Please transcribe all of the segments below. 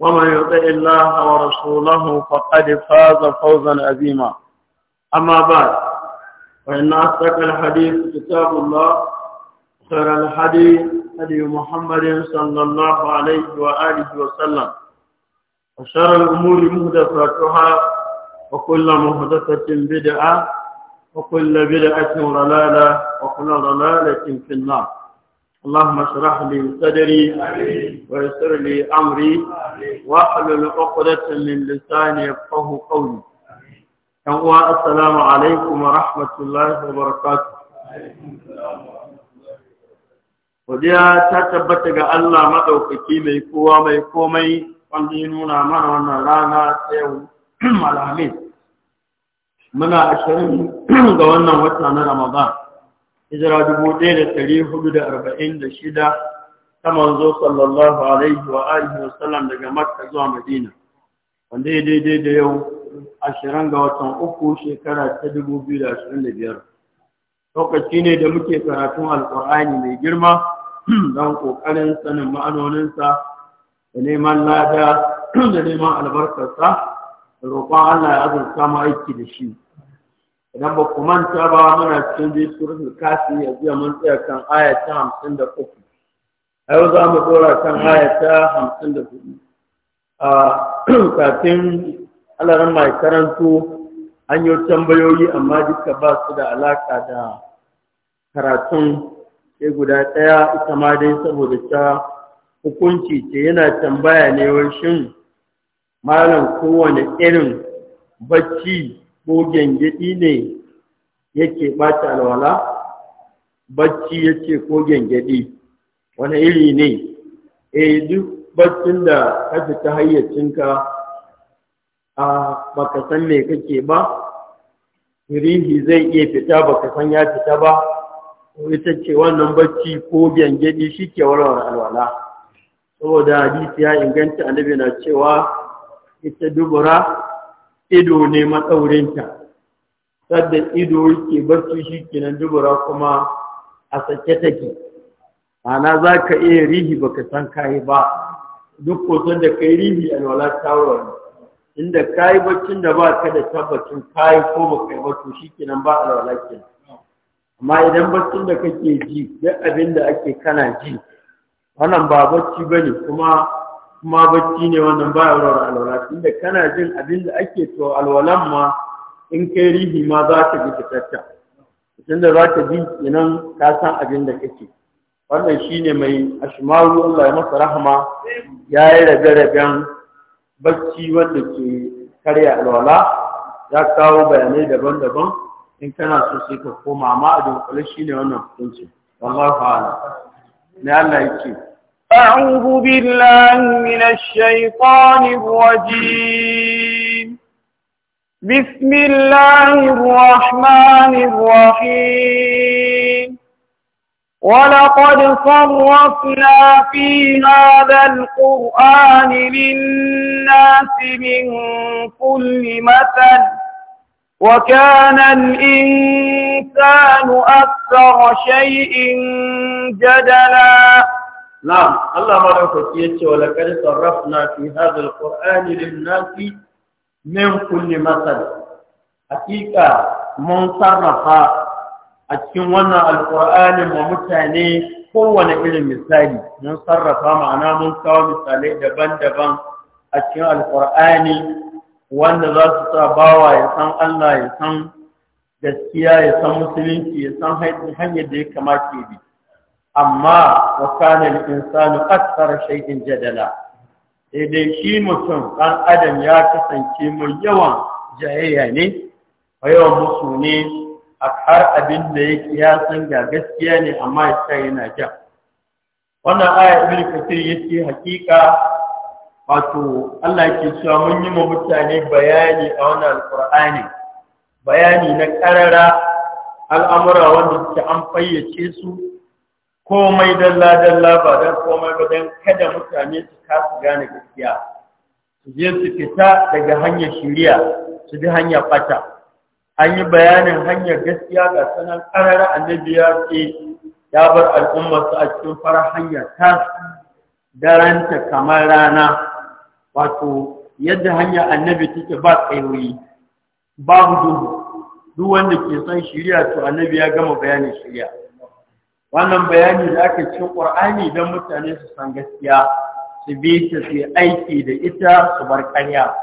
ومن يطع الله ورسوله فقد فاز فوزا عظيما أما بعد فإن أصدق الحديث كتاب الله خير الحديث هدي محمد صلى الله عليه وآله وسلم وشر الأمور مهدفاتها وكل مهدفة بدعة وكل بدعة ضلالة وكل ضلالة في النار اللهم اشرح لي صدري ويسر لي امري واحلل عقدة من لساني يفقه قولي هو السلام عليكم ورحمة الله وبركاته Godiya ta tabbata ga Allah maɗaukaki mai kowa mai komai wanda ya nuna mana wannan rana ta yau Alhamis. Muna ashirin ga wannan wata na Ramadan. hijira dubu ɗaya da ɗari hudu da arba'in da shida ta manzo sallallahu alaihi wa alihi wa sallam daga makka zuwa madina wanda ya daidai da yau ashirin ga watan uku shekara ta dubu biyu da ashirin da biyar lokaci ne da muke karatun alkur'ani mai girma don ƙoƙarin sanin ma'anoninsa da neman lada da neman albarkarsa da roƙon allah ya azurta mu aiki da shi idan ba ku manta ba muna cikin bi suratul kafi a jiya mun tsaya kan aya ta hamsin da uku a yau za mu dora kan aya ta hamsin da hudu a kafin alaran mai karanto an yi tambayoyi amma duka ba su da alaƙa da karatun sai guda ɗaya ita ma dai saboda ta hukunci ce yana tambaya ne wai shin malam kowane irin bacci ko gyangyaɗi ne yake ɓata alwala bacci yake ko gyangyaɗi wani iri ne e duk baccin da ka fita hayyacinka a baka san me kake ba rihi zai iya fita baka san ya fita ba ita ce wannan bacci ko gyangyaɗi shi ke warware alwala saboda hadisi ya inganta annabi na cewa ita dubura ido ne matsaurinta sadda ido yake barci shi kenan dubura kuma a sake take ana za ka iya rihi ba ka san kayi ba duk kusan da kai rihi nola tawon inda kayi baccin da ba ka da tabbacin kayi ko ba kai ba to shi kenan ba alwala kenan amma idan baccin da kake ji duk abin da ake kana ji wannan ba bacci ne kuma kuma bacci ne wannan ba yawon alwala inda kana jin abin da ake to alwalan ma in kai rihi ma za ta bi fitatta tunda za ka ji inan ka abin da kake wannan shine mai ashmaru Allah ya masa rahama ya yi rabe-raben bacci wanda ke karya alwala ya kawo bayanai daban-daban in kana so sai ka koma amma abin dunkule shine wannan hukunci wallahu fa'ala ne Allah yake أعوذ بالله من الشيطان الرجيم بسم الله الرحمن الرحيم ولقد صرفنا في هذا القرآن للناس من كل مثل وكان الإنسان أكثر شيء جدلاً na'am Allah madaukaki yace wa laqad na fi hadha da lin-nasi min kulli masal hakika mun sarrafa a cikin wannan alqur'ani wa mutane kowane irin misali mun sarrafa ma'ana mun kawo misalai daban-daban a cikin alqur'ani wanda za su sa bawa ya san Allah ya san gaskiya ya san musulunci ya san hanyar da ya kamata ya bi amma wa kana insanu akthara shay'in jadala sai dai shi mutum ɗan adam ya kasance mai yawan jayayya ne a yawan musu ne a har abin da yake ya san ga gaskiya ne amma ya sa yana ja wannan aya ibnu kasir yace wato Allah yake cewa mun yi ma mutane bayani a wannan alqur'ani bayani na karara al'amura wanda suke an fayyace su komai dalla-dalla ba don komai ba don kada mutane su kasu gane gaskiya su je su fita daga hanyar shiriya su bi hanyar bata an yi bayanin hanyar gaskiya ga sanan ƙarar annabi ya ce ya bar al'ummarsu a cikin farar hanyar ta daranta kamar rana wato yadda hanyar annabi take ba tsayoyi ba duhu duk wanda ke son shiriya to annabi ya gama bayanin shiriya wannan bayani da aka cikin ƙur'ani don mutane su san gaskiya su bi ta su aiki da ita su bar ƙarya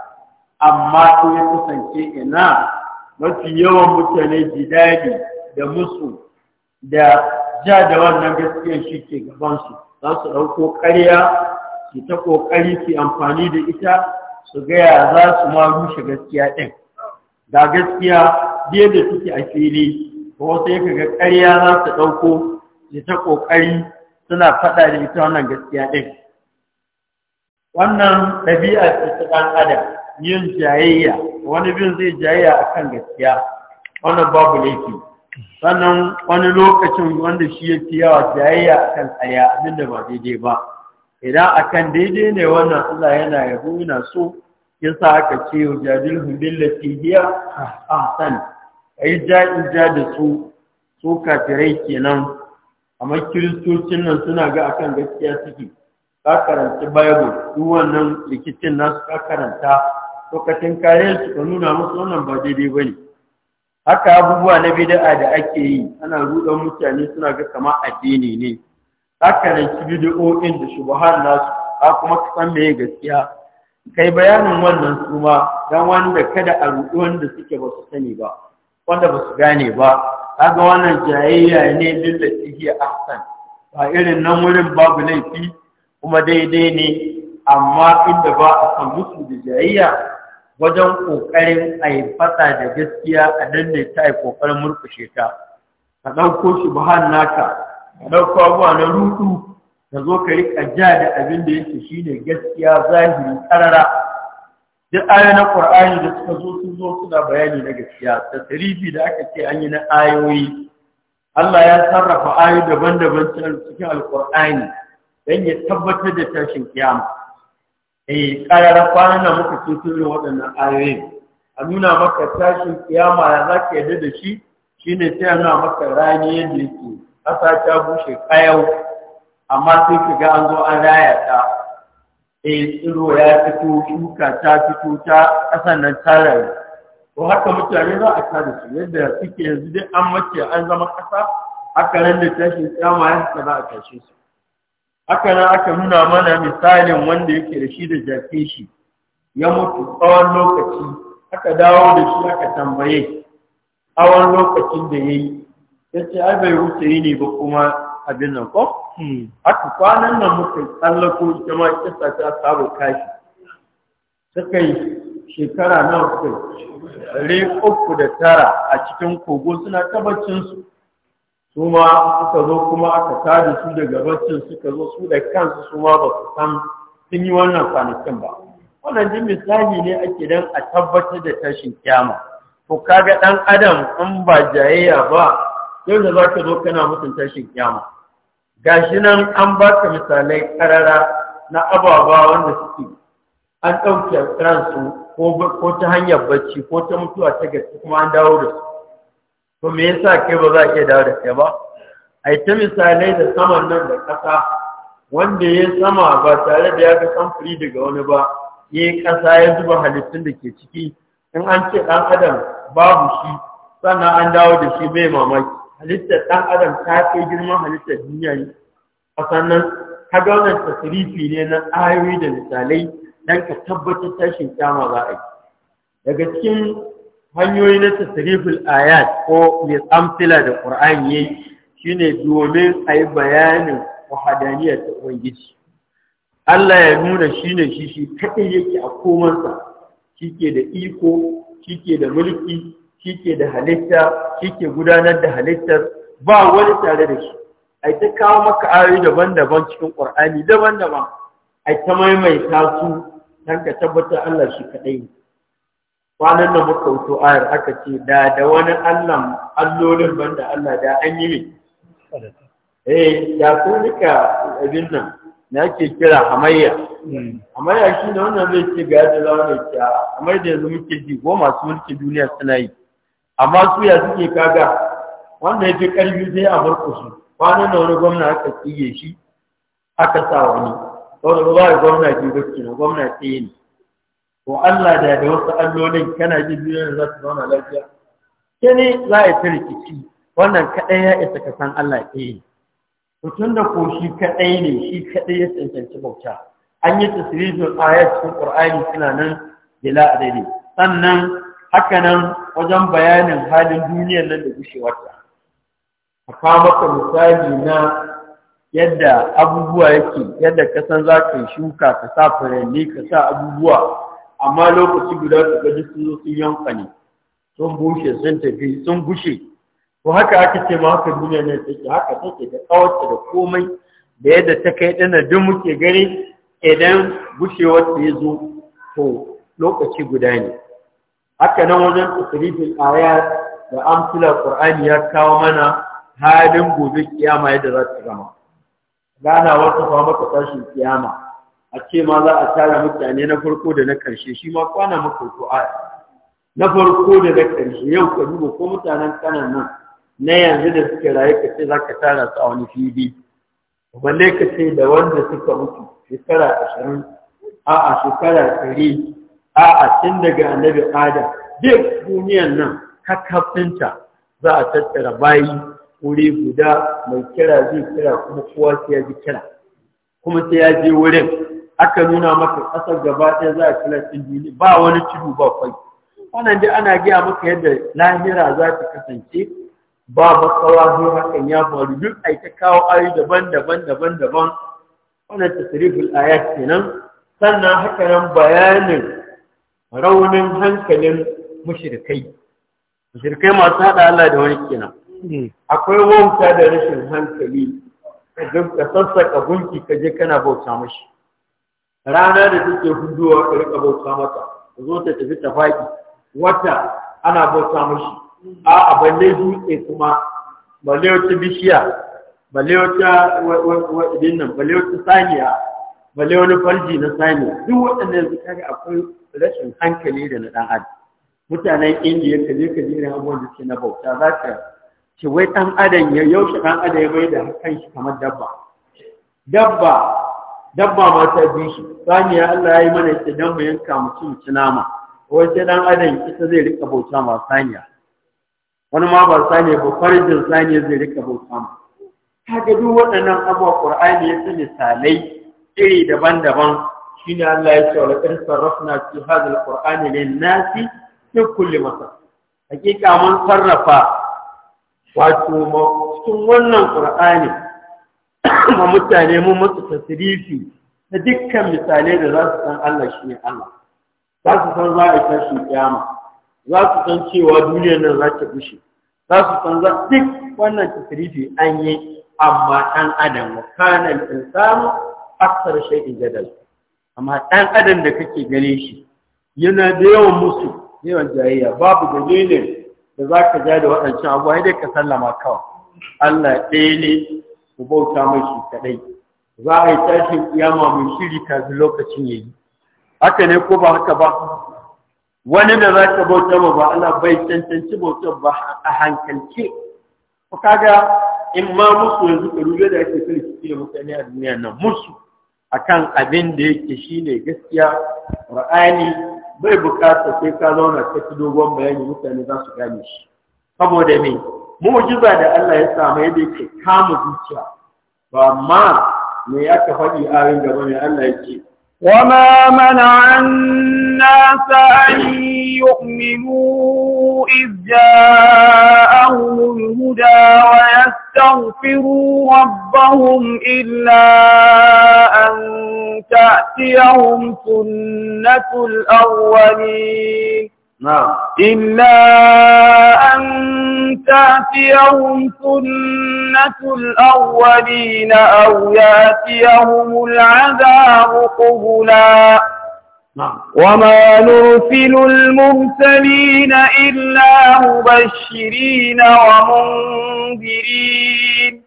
amma ko ya kusance ina mafi yawan mutane daɗi da musu da ja da wannan gaskiya shi ke gabansu za su ɗauko ƙarya su ta ƙoƙari su amfani da ita su gaya za su ma rushe gaskiya ɗin ga gaskiya biye da suke a fili ko sai ka ga ƙarya za su ɗauko da ta ƙoƙari suna faɗa da ita wannan gaskiya ɗin wannan ɗabi'a ce ta ɗan adam yin jayayya wani bin zai jayayya akan gaskiya wannan babu laifi sannan wani lokacin wanda shi ya fi yawa jayayya akan tsaya da ba daidai ba idan akan daidai ne wannan Allah yana yabo yana so sa aka ce jadilhum billati hiya ahsan ai ja'in ja da su su kafirai kenan amma kiristocin nan suna ga akan gaskiya suke ka karanta bible duk wannan rikicin nasu ka karanta lokacin kariyar su ka nuna musu wannan ba daidai ba ne. haka abubuwa na bid'a da ake yi ana ruɗa mutane suna ga kama addini ne ka karanci bid'o'in da shubuhar nasu ka kuma ka san meye gaskiya kai bayanin wannan suma, ma dan wanda kada a ruɗi wanda suke ba su sani ba wanda ba su gane ba kaga wannan jayayya ne lillaci hiya ahsan ba irin nan wurin babu laifi kuma daidai ne amma inda ba a san musu da jayayya wajen kokarin a yi fata da gaskiya a danne ta a kokarin murkushe ta ka ɗauko shi buhan naka ka ɗauko abuwa na rutu ka zo ka riƙa ja da abin da yake shine gaskiya zahiri ƙarara. duk na ƙwar'ani da suka zo sun zo suna bayani na gaskiya da tarihi da aka ce an yi na ayoyi Allah ya sarrafa ayoyi daban-daban cikin al don dan ya tabbatar da tashin kiyama eh ƙayar kwanan da muka ce sun waɗannan ayoyi a nuna maka tashin kiyama ya zaka yadda da shi shine sai ana maka rani yadda yake ƙasa ta bushe ƙayau. amma sai ka ga an zo an raya eh tsiro ya fito shuka ta fito ta ƙasan nan ta rayu to haka mutane za a tada su yadda suke yanzu dai an mace an zama ƙasa haka nan da tashi tsama ya haka za a tashi su haka nan aka nuna mana misalin wanda yake da shi da jafe shi ya mutu tsawon lokaci aka dawo da shi aka tambaye tsawon lokacin da ya yi ya ce ai bai wuce yi ne ba kuma abin nan ko hmm. kwanan nan muka tsallako jama'a kisa ta tsaro kashi suka yi shekara nan uku yi uku da tara a cikin kogo suna ta su ma suka zo kuma aka tada su daga baccin suka zo su da kansu su ma ba su san sun yi wannan kwanakin ba wannan jin misali ne ake dan a tabbatar da tashin kyama to kaga dan adam in ba jayayya ba yau da za ka zo kana mutunta tashin kyama gashi nan an ba ka misalai karara na ababa wanda suke an ɗauke ransu ko ta hanyar bacci ko ta mutuwa ta gaske kuma an dawo da su to me yasa kai ba za a iya dawo da kai ba a ta misalai da saman nan da ƙasa wanda ya sama ba tare da ya ga samfuri daga wani ba ya yi ƙasa ya zuba halittun da ke ciki in an ce ɗan adam babu shi sannan an dawo da shi bai mamaki halittar ɗan adam ta fi girman halittar duniya ne a sannan wannan tasirifi ne na ayoyi da misalai don ka tabbatar tashin kyama za a yi daga cikin hanyoyi na tasirifin ayat ko mai tsamfila da ƙur'an ya yi shi ne domin a yi bayanin wahadaniyar ta ubangiji Allah ya nuna shi ne shi shi kaɗai yake a komansa shi ke da iko shi ke da mulki shi ke da halitta shi ke gudanar da halittar ba wani tare da shi a ta kawo maka ayoyi daban-daban cikin ƙwar'ani daban-daban a ta maimaita su don ka tabbatar Allah shi kaɗai ne kwanan da muka wuto ayar aka ce da da wani allan allolin banda Allah da an yi ne eh da ku nika abin nan na ke kira hamayya hamayya shi ne wannan zai ce ga yadda za mu ne hamayya da yanzu muke ji ko masu mulki duniya suna yi amma su ya suke kaga wanda ya fi ƙarfi sai a murƙusu kwanan da wani gwamna aka tsige shi aka sa wani wani ba ya gwamna ke gaske na gwamna tsaye ne ko Allah da da wasu allolin kana jin duniya za su zauna lafiya ke ne za a yi ta rikici wannan kaɗai ya isa ka san Allah tsaye ne tun da ko shi kaɗai ne shi kaɗai ya tsancanci bauta an yi tasirin ayat cikin ƙur'ani suna nan bila adadi sannan haka nan wajen bayanin halin duniyar nan da gushewarta a maka misali na yadda abubuwa yake yadda ka san za ka shuka ka sa furanni ka sa abubuwa amma lokaci guda su gaji sun zo sun yanka ne sun bushe sun tafi sun gushe to haka aka ce ma haka duniya ne take haka take da kawarta da komai da yadda ta kai dana duk muke gani idan gushewar ta ya zo to lokaci guda ne haka nan wajen tsirifin ayat da amsalar ƙur'ani ya kawo mana halin gobe kiyama yadda za ta gama gana wata fa maka tashin kiyama a ce ma za a tara mutane na farko da na karshe shi ma kwana maka ko na farko da na karshe yau ka duba ko mutanen kanan nan na yanzu da suke raye ka ce za ka tara su a wani fili balle ka ce da wanda suka mutu shekara ashirin a'a shekara ɗari a'a tun daga annabi adam duk duniyan nan kakafinta za a tattara bayi wuri guda mai kira zai kira kuma kowa sai ya ji kira kuma sai ya je wurin aka nuna maka ƙasar gaba ɗaya za a kira duniya ba wani tudu ba kwai wannan dai ana gaya maka yadda lahira za ta kasance ba makawa zuwa hakan ya faru duk a ta kawo ayi daban-daban daban-daban wannan tasirifin ayat kenan sannan haka nan bayanin raunin hankalin mushrikai mushrikai masu haɗa Allah da wani kenan eh. akwai wauta da rashin hankali ka sassaka gunki ka je kana bauta mashi rana da take huduwa ka rika bauta mata ka zo ta tafi ta faɗi wata ana bauta mashi a abalai dutse kuma balle wata bishiya balle wata dinnan balle wata saniya balle wani farji na sami duk waɗannan yanzu kaga akwai rashin hankali da na ɗan adam mutanen indiya ka je ka je ne abubuwan da suke na bauta za ka ce wai ɗan adam ya yaushe ɗan adam ya bai da kan shi kamar dabba dabba dabba ma ta bi shi ya Allah ya yi mana ita dan mu yanka mu ci mu ci nama wai sai ɗan adam ita zai rika bauta ma saniya wani ma ba saniya ba farjin saniya zai rika bauta ma kaga duk waɗannan abubuwa Qur'ani ya sani salai iri daban-daban shi ne Allah ya ce wa laqad na fi hadha alqur'ani lin-nasi fi kulli masa hakika mun sarrafa wato cikin wannan qur'ani ma mutane mun musu tasirifi da dukkan misalai da za su san Allah shi ne Allah za su san za a tashi kiyama za su san cewa duniyar nan za ta bushe za su san za duk wannan tasirifi an yi amma ɗan adam wa kana al-insanu aksar shaidin jadal amma ɗan adam da kake gane shi yana da yawan musu yawan jayayya babu dalilin da za ka ja da waɗancan abuwa dai ka sallama kawai Allah ɗaya ne ku bauta mashi kaɗai za a yi tashin kiyama mai shiri kafin lokacin ya yi haka ne ko ba haka ba wani da za ka bauta ma ba Allah bai cancanci bautar ba a hankalce ko kaga in ma musu yanzu ka rube da ake kirki da mutane a duniya nan musu akan abin da yake ne gaskiya Qur'ani bai bukata sai ka zauna ka ci dogon bayani mutane za su gane shi saboda me mu'jiza da Allah ya samu yadda yake kama zuciya ba ma me aka faɗi a ringa gaba ne Allah yake وما منع الناس أن يؤمنوا إذ جاءهم الهدى ويستغفروا ربهم إلا أن تأتيهم سنة الأولين نعم. إلا أن يأتيهم سنة الأولين أو يأتيهم العذاب قبلا نعم. وما نرسل المرسلين إلا مبشرين ومنذرين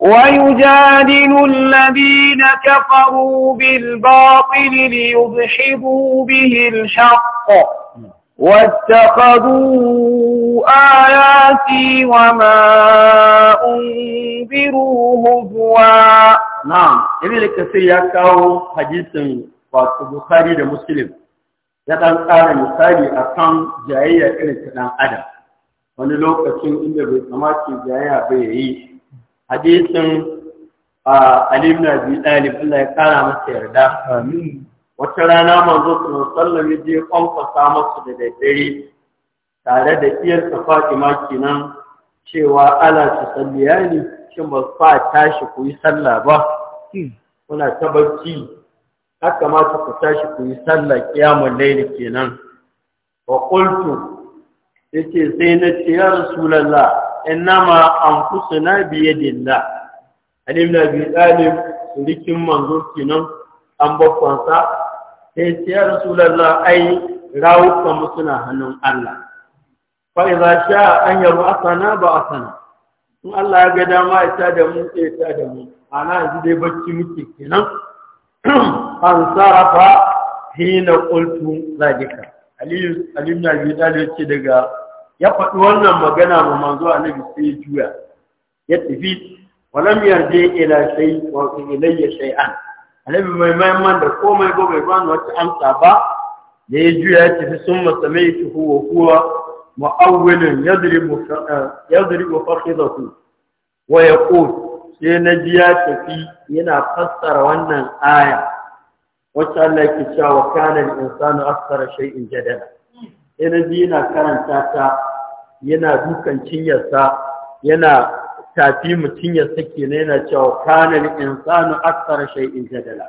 ويجادل الذين كفروا بالباطل ليضحبوا به الحق واتخذوا آياتي Na'am, أنذروا هزوا ya kawo كثير يكاو حديث البخاري ده مسلم ya ɗan ƙara misali a kan jayayya irin ta adam wani lokacin inda bai kamata jayayya bai yi hadisin a alim na biyu ɗalib Allah ya ƙara masa yarda wata rana manzo sallallahu alaihi wasallam ya kwankwasa masu da daddare tare da iyarsa Fatima kenan cewa ala su salliyani shin ba fa tashi ku yi sallah ba hmm. kuna ta barci haka ma ku tashi ku yi sallah kiyamul layl kenan wa qultu yace sai na ce ya rasulullah innama anfusuna bi yadillah alim na bi talib rikin manzo kenan an bakwansa sai ce ya rasulallah ai rawukan hannun Allah fa idza sha an yaru asana ba asana in Allah ya ga dama ya ta da mu sai ta da mu ana yanzu dai bacci muke kenan an sarafa hina qultu zalika aliyu aliyu na yi dalil ce daga ya faɗi wannan magana ma manzo annabi sai juya ya tafi walam yarje ila shay wa ilayya shay'an alabi mai mahimman da komai ba bai bani wata amsa ba da ya juya ya tafi sun mai ta huwa huwa mu'awwilin yadribu fakhidahu eh, wa ko sai na ji ya tafi yana fassara wannan aya wacce Allah ke cewa wa kana insanu insanu shai in jadala sai na ji yana karanta ta yana dukan cinyarsa yana tafi mutum ya sake na yana cewa kanar insanu aksar shay'in jadala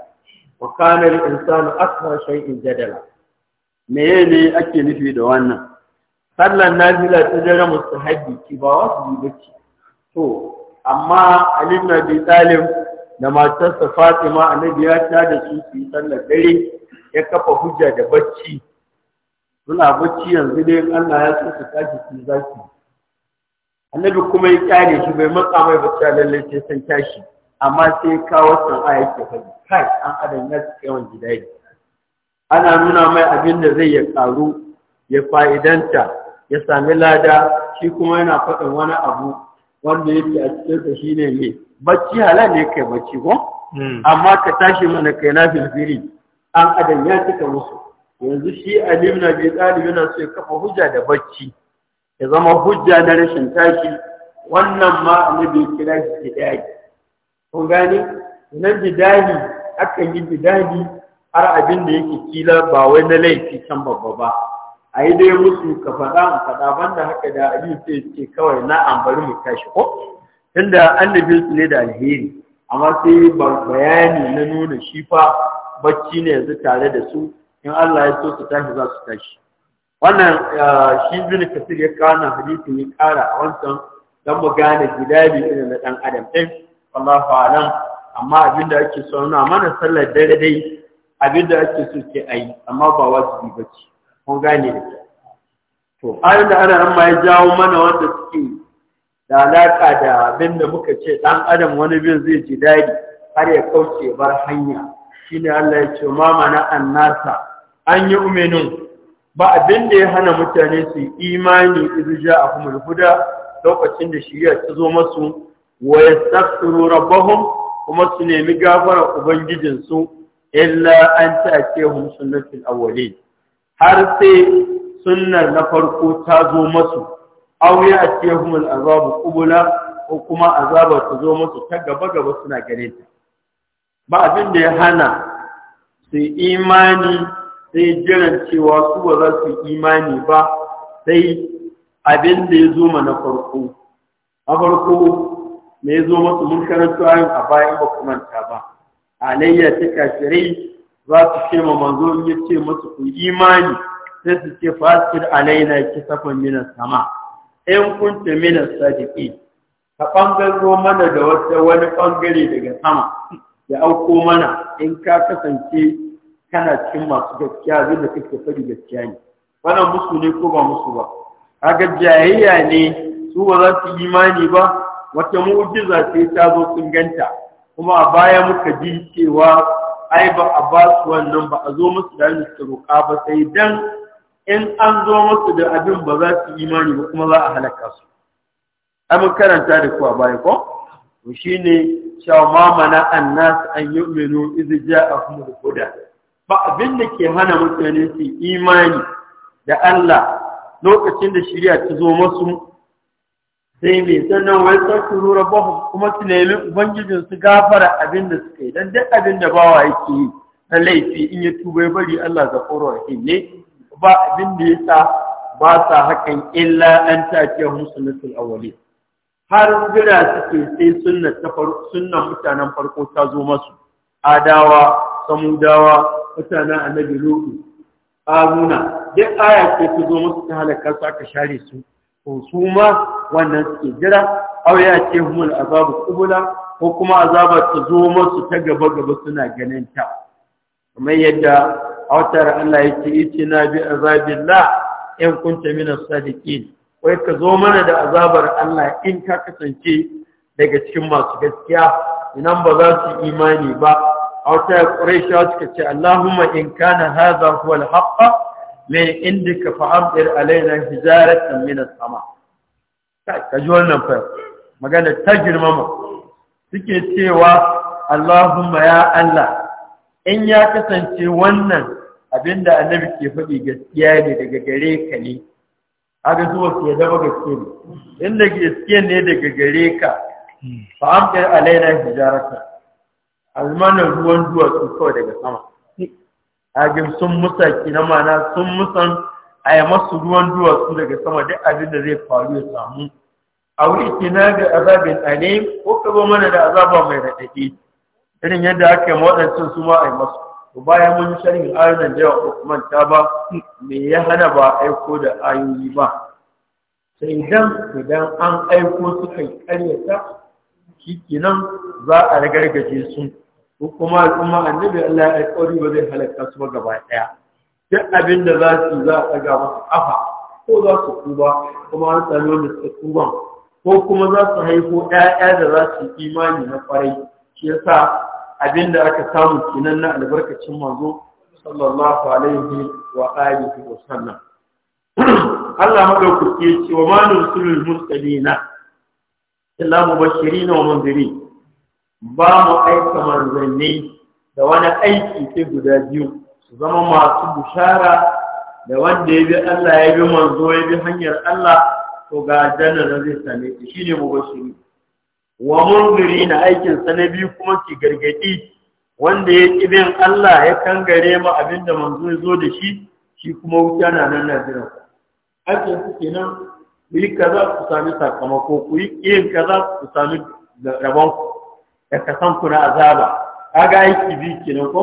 wa kanar insanu aksar shay'in jadala meye ne ake nufi da wannan sallar nafila ta musu mustahabi ki ba wasu ba ce to amma Ali na bi Talib da matarsa Fatima annabi ya ta da su su sallar dare ya kafa hujja da bacci suna bacci yanzu dai Allah ya so su tashi su zaki annabi kuma ya kyale shi bai matsa mai ba cewa lallai sai san tashi amma sai ya kawo san'a yake faɗi kai an adam ya yawan gidari ana nuna mai abin da zai ya karu ya fa'idanta ya sami lada shi kuma yana faɗin wani abu wanda yake a sa shine ne bacci halal ne kai bacci ko hmm. amma ka tashi mana kai na filfiri an adam ya cika musu yanzu shi alim na bi ɗalibi na so ya kafa hujja da bacci ya zama hujja na rashin tashi wannan ma annabi kira shi bidahi kun gane na bidahi akan yi bidahi har abin da yake kila ba wai na laifi can babba ba a yi dai musu ka faɗa a faɗa banda haka da abin sai ce kawai na ambari mu tashi ko tunda annabi su ne da alheri amma sai bayani na nuna shi fa bacci ne yanzu tare da su in Allah ya so su tashi za su tashi wannan shi bin kasir ya kana hadisi ne kara a wancan don mu gane gidali irin na dan adam ɗin wallahu alam amma abinda ake so nuna mana sallar dare dai abinda ake so ke ayi amma ba wajibi ba kun gane da to ayin da ana amma ya jawo mana wanda suke da alaka da abin muka ce ɗan adam wani bin zai ji daɗi har ya kauce bar hanya shine Allah ya ce ma mana annasa an yi umenun ba abin da ya hana mutane su imani irja a kuma huda lokacin da shirya ta zo masu wa yastaghfiru rabbahum kuma su nemi gafara ubangijinsu illa an ta'tihum sunnatul awwali har sai sunnar na farko ta zo masu aw ya'tihum al'azabu qubula ko kuma azaba ta zo masu ta gaba gaba suna gare ta ba abin da ya hana su imani sai jiran cewa su ba za su imani ba sai abin da ya zo mana farko a farko me ya zo masu mun karanta a bayan ba ku manta ba alayya ta kafirai za su ce ma manzo ya ce masu ku imani sai su ce fasir alaina safan minas sama in kunta minas sadiqi ka ɓangaro mana da wata wani ɓangare daga sama ya auko mana in ka kasance kana cikin masu gaskiya abin da kake faɗi gaskiya ne bana musu ne ko ba musu ba kaga jayayya ne su ba za su imani ba wata mu'jiza sai ta zo sun ganta kuma a baya muka ji cewa ai ba a ba su wannan ba a zo musu da su roƙa ba sai dan in an zo musu da abin ba za su imani ba kuma za a halaka su ai karanta da ku a baya ko to shine cewa ma annas an yu'minu idza ja'ahumul huda ba abin da ke hana mutane su imani da Allah lokacin da shirya ta zo masu sai mai sannan wai sarki rura bahu kuma su nemi ubangijin su gafara abin da suka yi don duk abin da bawa yake yi na laifi in ya tuba ya bari Allah ga koro ne ba abin da ya sa ba sa hakan illa an musu nasu awwalin har jira suke sai sunna sunnan mutanen farko ta zo masu adawa samudawa mutanen annabi lutu aruna duk aya ce ta zo musu ta halakar su aka share su ko su ma wannan suke jira aw ya ce humul azabu kubula ko kuma azabar ta zo musu ta gaba gaba suna ganin ta kamar yadda watar Allah yake ita na bi azabillah in kunta min as-sadiqin wai ka zo mana da azabar Allah in ka kasance daga cikin masu gaskiya inan ba za su imani ba a wata ƙuraishawa suka ce Allahumma in kana haza huwa al-haqqa min indika fa'amdir alaina hijaratan min as-sama ka ji wannan fa magana ta girmama suke cewa Allahumma ya Allah in ya kasance wannan abinda annabi ke faɗi gaskiya ne daga gare ka ne haka zuwa ke zama gaske ne inda gaske ne daga gare ka hmm. fa'amdir alaina hijaratan almana ruwan duwatsu kawai daga sama hajjim sun musa na mana sun musan a yi masu ruwan duwatsu daga sama duk abin da zai faru ya samu a wuri na ga azabin ne ko ka zo mana da azaba mai raɗaɗi irin yadda aka yi waɗancan su ma a yi masu to bayan mun sharhin ayoyin da yawa kuma ta ba me ya hana ba aiko da ayoyi ba sai idan idan an aiko suka karyata shikenan za a ragargaje su kuma kuma al'umma annabi Allah ya alƙawari ba zai halaka su ba gaba ɗaya duk abin da za su za a ɗaga masu ƙafa ko za su kuba kuma an tsaro da su kuban ko kuma za su haifo ɗaya da za su yi imani na ƙwarai shi yasa abin da aka samu kenan na albarkacin manzo sallallahu alaihi wa alihi wa sallam Allah madaukaki ya ce wa ma nursulul mursalina illa mubashirin wa mundirin ba mu aika manzanni da wani aiki sai guda biyu su zama masu bushara da wanda ya bi Allah ya bi manzo ya bi hanyar Allah to ga da zai same shi shine mubashiri wa munziri na aikin sanabi na kuma ki gargadi wanda ya ki bin Allah ya kangare mu abinda manzo ya zo da shi shi kuma wuta na nan nazira aikin su kenan ku yi kaza ku sami sakamako ku yi kaza ku sami rabon ku da ka san kuna azaba ga aiki bi kenan ko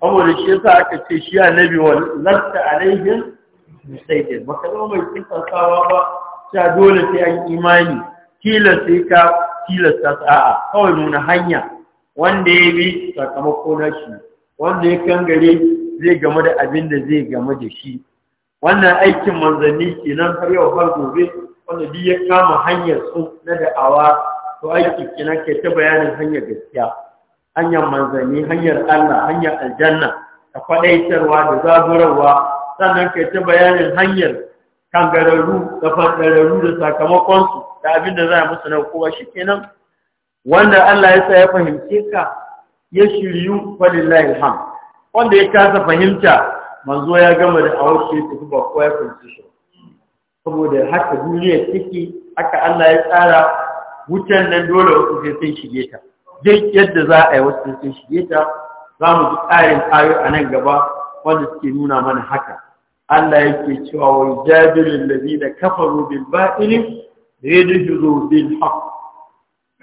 saboda shi yasa aka ce shi annabi wa lasta alaihim musaidin ka zama mai kintasawa ba cewa dole sai an imani sai ka tilasta sa'a kawai nuna hanya wanda ya bi sakamako na shi wanda ya kangare zai game da abin da zai game da shi wannan aikin manzanni kenan har yau har gobe wanda duk ya kama hanyar su na da'awa to aiki kenan ke ta bayanin hanyar gaskiya hanyar manzanni hanyar Allah hanyar aljanna da faɗaitarwa, da zaburarwa sannan ke ta bayanin hanyar kangararru da fadararru da sakamakonsu da abin da za a musu na kowa shi kenan wanda Allah ya sa ya fahimce ka ya shiryu falillahi ham wanda ya kasa fahimta manzo ya gama da awashi ya tafi ba kowa ya shi saboda haka duniya ciki, haka Allah ya tsara wutan nan dole wasu sai sun shige ta duk yadda za a yi wasu sun shige ta za mu ji ƙarin ayo a nan gaba wanda suke nuna mana haka Allah yake cewa wa jabirul ladina kafaru bil ba'il yadjuzu bil haqq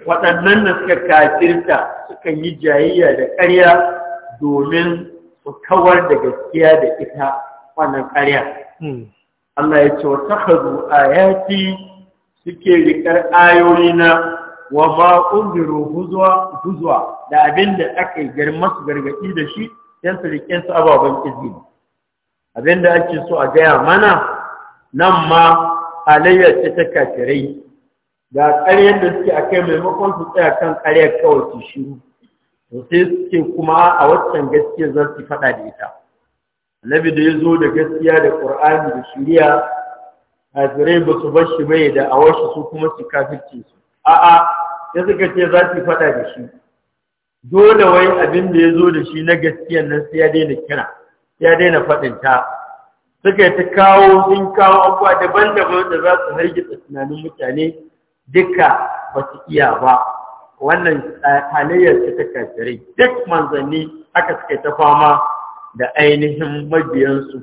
waɗannan da suka kafirta suka yi jayayya da ƙarya domin su kawar da gaskiya da ita wannan ƙarya hmm. Allah ya ce wa takhadu ayati suke rikar ayoyi na wa ba undiru huzwa da abin da aka girma masu gargaɗi da shi yan su su ababen izini abin da ake so a gaya mana nan ma halayyar ta ta kafirai ga ƙaryar da suke a kai maimakon su tsaya kan ƙaryar kawai su shiru to sai suke kuma a waccan gaskiya za su faɗa da ita annabi da ya zo da gaskiya da ƙur'ani da shirya kafirai ba su bashi mai da a awashi su kuma su kafirce su a'a ya suka ce za su faɗa da shi dole wai abin da ya zo da shi na gaskiyan nan sai ya daina kira ya daina faɗin ta suka yi ta kawo sun kawo abubuwa daban-daban da za su hargitsa tunanin mutane duka ba su iya ba wannan halayyar su ta kafirai duk manzanni aka suka ta fama da ainihin mabiyansu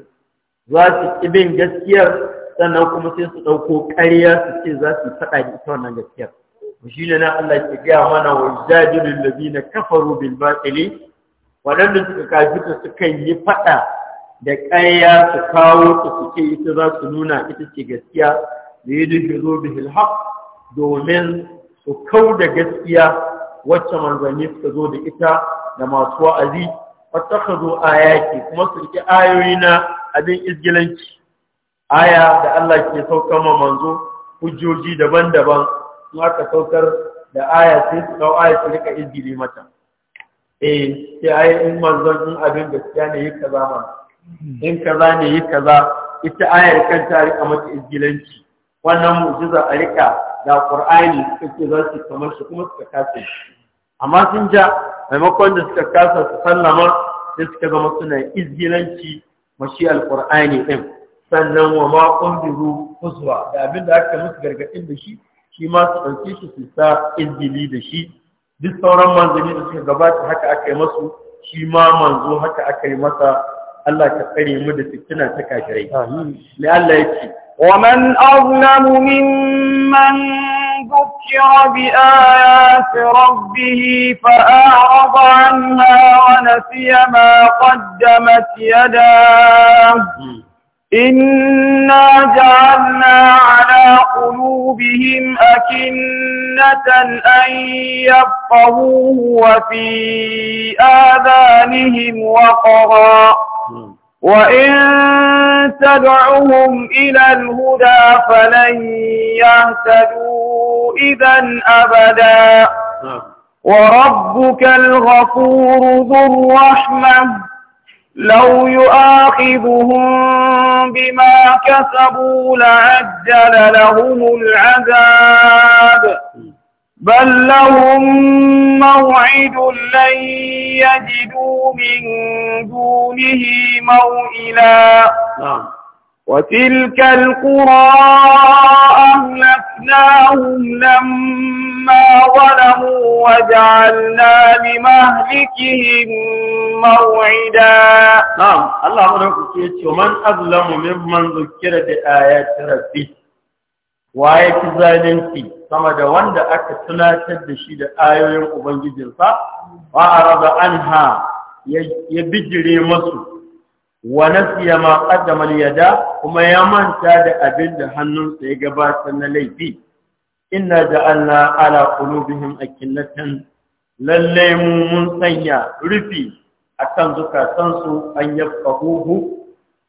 za su ƙi bin gaskiyar sannan kuma sai su ɗauko ƙarya su ce za su faɗa da ita wannan gaskiyar shi ne na Allah ke gaya mana wa da ladina kafaru bil batili waɗanda suka kafita suka yi faɗa da ƙarya su kawo su suke ita za su nuna ita ce gaskiya da yi duhiru bihil haq domin su kau da gaskiya wacce manzanni suka zo da ita da masu wa'azi a yaki kuma su ayoyi na abin izgilanci aya da Allah ke saukar ma manzo hujjoji daban-daban in aka saukar da aya sai su kawo aya su rika izgiri mata eh sai aya in manzon in abin gaskiya ne yi kaza ma in kaza ne yi kaza ita kan kanta rika mata izgilanci wannan mu'jiza a rika da qur'ani suka ce za su kamar shi kuma suka kasa shi amma sun ja maimakon da suka kasa su sallama sai suka zama suna izgilanci mashi alqur'ani din sannan wa ma ƙundiru kusuwa da abin da aka musu gargaɗin da shi shi ma su ɗauke shi su sa da shi duk sauran manzanni da suka gabata haka aka yi masu shi ma manzo haka aka yi masa Allah ka tsare mu da fitina ta kafirai ne Allah yake wa man azlamu mimman ذكر بآيات ربه فأعرض عنها ونسي ما قدمت يداه إنا جعلنا على قلوبهم أكنة أن يفقهوه وفي آذانهم وقرا وإن تدعهم إلى الهدى فلن يهتدوا إذا أبدا نعم. وربك الغفور ذو الرحمة لو يؤاخذهم بما كسبوا لعجل لهم العذاب بل لهم موعد لن يجدوا من دونه موئلا نعم وتلك القرى أهلكناهم لما ظلموا وجعلنا لمهلكهم موعدا نعم الله أمرك يتشو من أظلم ممن ذكر بآيات ربه waye ki zalunci sama da wanda aka tunatar da shi da ayoyin ubangijinsa wa arada anha ya bijire masu wa nasiya ma qaddama al-yada kuma ya manta da abin da hannunsa ya gabatar na laifi inna ja'alna ala qulubihim akinnatan lalle mu mun sanya rufi akan zukatansu an yafqahuhu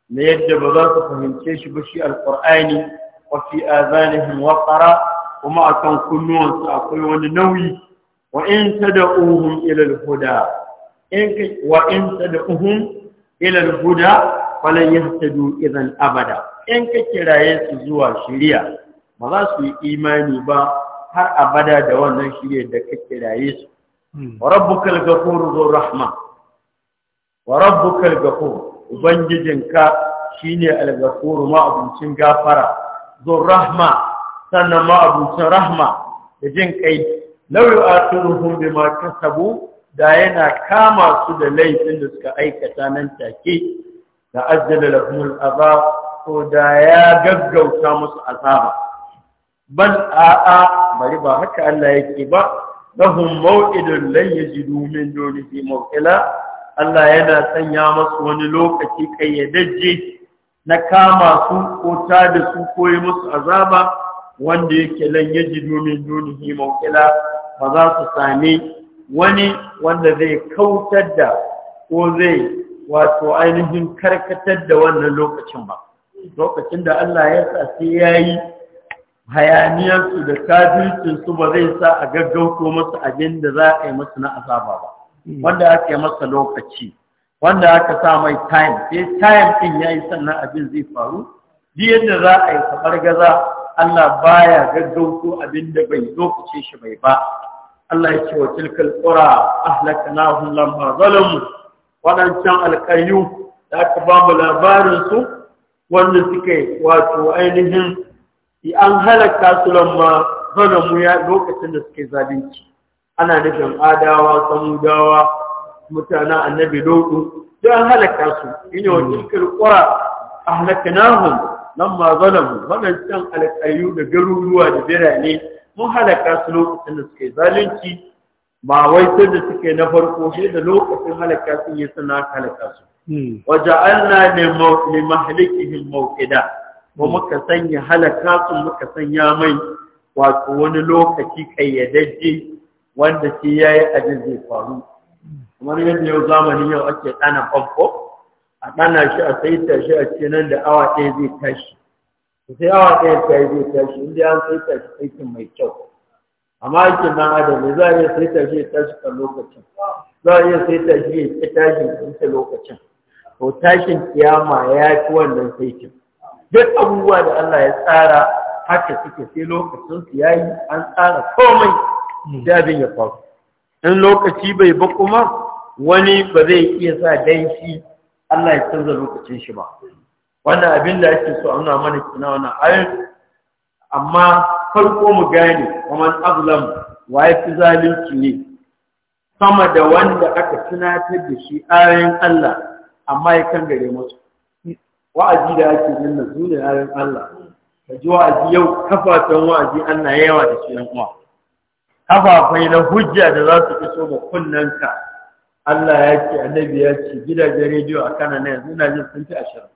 na yadda ba za su fahimce shi ba shi alqur'ani wa fi azanihim waqara kuma akan kunnuwansu akwai wani nauyi wa in tad'uhum ila al-huda in wa in tad'uhum ila al-huda falan yahtadu idan abada in ka kiraye su zuwa shiriya, ba za su yi imani ba har abada da wannan shari'a da ka kiraye su wa rabbukal ghafurur rahma wa rabbukal ghafur ubangijinka shine al-ghafur ma'abucin gafara zur rahma sannan ma'abucin rahma da jin kai law yu'atiruhum bima kasabu da yana kama su da laifin da suka aikata nan take da ajjala al azab ko da ya gaggauta musu azaba bal a'a bari ba haka Allah yake ba lahum maw'idun lan yajidu min dunihi maw'ila Allah yana sanya musu wani lokaci kayyadajje na kama su ko ta da su ko koyi musu azaba wanda yake lan yajidu min dunihi maw'ila ba za su sami wani wanda zai kautar da ko zai wato ainihin karkatar da wannan lokacin ba lokacin da Allah ya sa sai yayi hayaniyarsu da kafircinsu ba zai sa a gaggauto masa abin da za a yi masu na azaba ba wanda aka yi masa lokaci wanda aka sa mai time sai time din yayi sannan abin zai faru duk yadda za a yi kamar gaza Allah baya gaggauto abin da bai lokace shi bai ba Allah ya ce wa tilkal qura ahlaknahum lamma zalamu Waɗancan alqayyu da aka ba mu labarin su wanda suke wato ainihin an halaka su lamma zalamu ya lokacin da suke zalunci ana nufin adawa samudawa mutanen annabi lodu sai an halaka su ina wa hmm. tilkal qura ahlaknahum lamma zalamu Waɗancan alqayyu da garuruwa da birane Sun halaka su lokacin da suke zalunci ba wai sai da suke na farko sai da lokacin halaka sun yi suna halaka su hmm. allah ne mahalikihin mawqida ba hmm. muka sanya halaka su muka sanya mai wato wani lokaci kayyadajje wanda shi yayi ajin zai faru kamar yadda yau zamani yau ake ɗana famfo a ɗana shi a saita shi a cikin nan da awa ɗaya zai tashi sai awa ɗaya ta yi zai tashi inda an sai tashi aikin mai kyau amma aikin nan adam za a iya sai tashi ya tashi kan lokacin za a iya sai tashi ya tashi kan lokacin to tashin kiyama ya fi wannan saitin duk abubuwa da Allah ya tsara haka suke sai lokacin su yi an tsara komai da abin ya faru in lokaci bai ba kuma wani ba zai iya sa danshi Allah ya canza lokacin shi ba wannan abin da ake so a nuna mana kina wannan ayin amma farko mu gane kuma azlam wa ya fi zalunci ne sama da wanda aka tunatar da shi ayoyin Allah amma ya kan gare musu wa'azi da ake yin na zuwa ayoyin Allah ka ji wa'azi yau kafafen wa'azi Allah ya yawa da shi yan uwa kafafai na hujja da za su iso ga kunnanka Allah ya ce annabi ya ce gidajen rediyo a kana na yanzu ina jin sun fi ashirin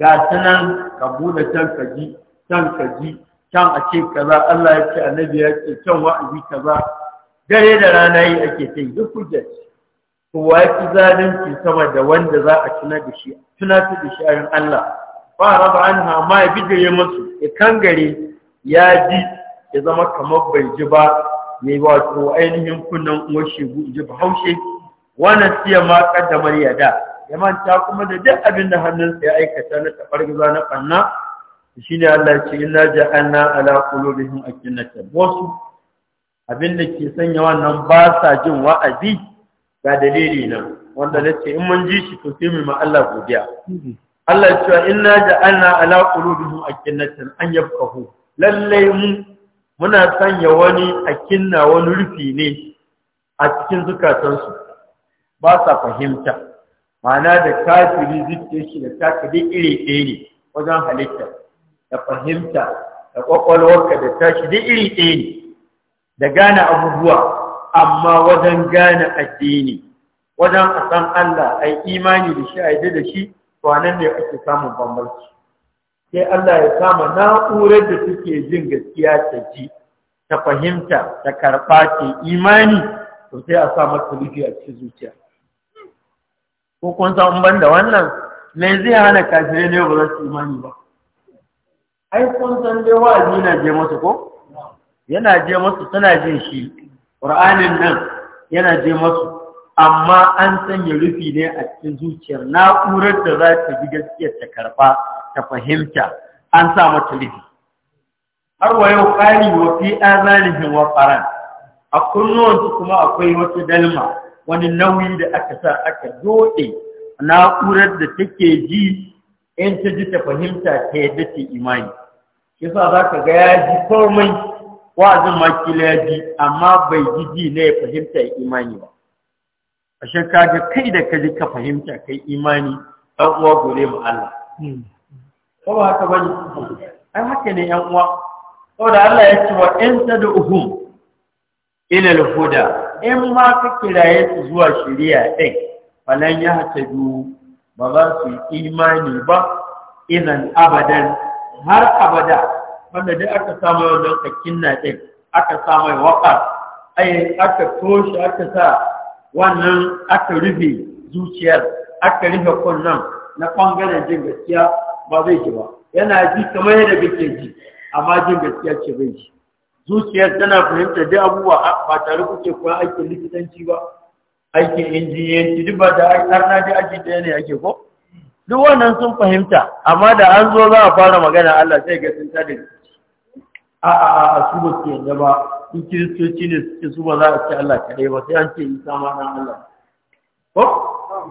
ga ta nan ka buɗe can ka ji can ka ji can a ce kaza Allah ya ce na ya ce can wa'azi kaza dare da rana yi ake ta yi duk hujjar to wa ki zalunci sama da wanda za a tuna da shi tuna su da shi ayin Allah ba raba anha ma ya jiye musu ya kangare ya ji ya zama kamar bai ji ba ne wato ainihin kunnen uwar shegu ji ba haushe wannan siya ma kaddamar yada ya manta kuma da duk abin da hannunsa ya aikata na gaza na kanna shi ne Allah ya ce inna ja'alna ala qulubihim akinnatan wasu abin da ke sanya wannan ba sa jin wa'azi ga dalili nan wanda na ce in mun ji shi to sai mu ma Allah godiya Allah ya ce inna ja'alna ala qulubihim akinnatan an yafqahu lallai mu muna sanya wani akinna wani rufi ne a cikin zukatansu ba sa fahimta ma'ana da kafiri zuciyar shi da taka duk iri ɗaya ne wajen halitta da fahimta da ƙwaƙwalwarka da tashi duk iri ɗaya ne da gane abubuwa amma wajen gane addini wajen a san Allah a yi imani da shi a yi da shi to nan ne ake samun bambanci sai Allah ya kama na'urar da suke jin gaskiya ta ji ta fahimta ta karɓa ta imani to sai a sa masa rufi a cikin zuciya ko kun san ban da wannan me zai hana kafire ne ba za su imani ba ai kun san dai wa'azi na je musu ko yana je musu suna jin shi qur'anin nan yana je musu amma an sanya rufi ne a cikin zuciyar na'urar da za ta ji gaskiyar ta karba ta fahimta an sa mata rufi har wa yau ƙari wa fi azalihin wa faran a kunnuwansu kuma akwai wata dalma wani nauyi da aka sa aka dode na'urar da take ji in ta ji ta fahimta ta yadda ta imani kisa za ka ga ya ji komai wa'azin ma kila ya ji amma bai ji ji na ya fahimta ya imani ba a shakka ga kai da ka ji ka fahimta kai imani ɗan uwa gore mu Allah ko haka bane ai haka ne 'yan uwa saboda Allah ya ce wa in tad'uhum ilal huda in ma ka kiraye su zuwa shari'a ɗin falan ya ju ba za su imani ba idan abadan har abada wanda duk aka samu wannan kakkin na ɗin aka samu waƙar ai aka toshe aka sa wannan aka rufe zuciyar aka rufe kunnan na ɓangaren jin gaskiya ba zai ji ba yana ji kamar yadda kake ji amma jin gaskiya ce bai ji zuciyar tana fahimta duk abubuwa ba tare kuke kula aikin likitanci ba aikin injiniyanci duk ba da harna da aji da ne ake ko duk wannan sun fahimta amma da an zo za a fara magana Allah sai ga sun tada a a a su ba su yadda ba in kiristoci ne suke su ba za a ce Allah kaɗai ba sai an ce in sama na Allah ko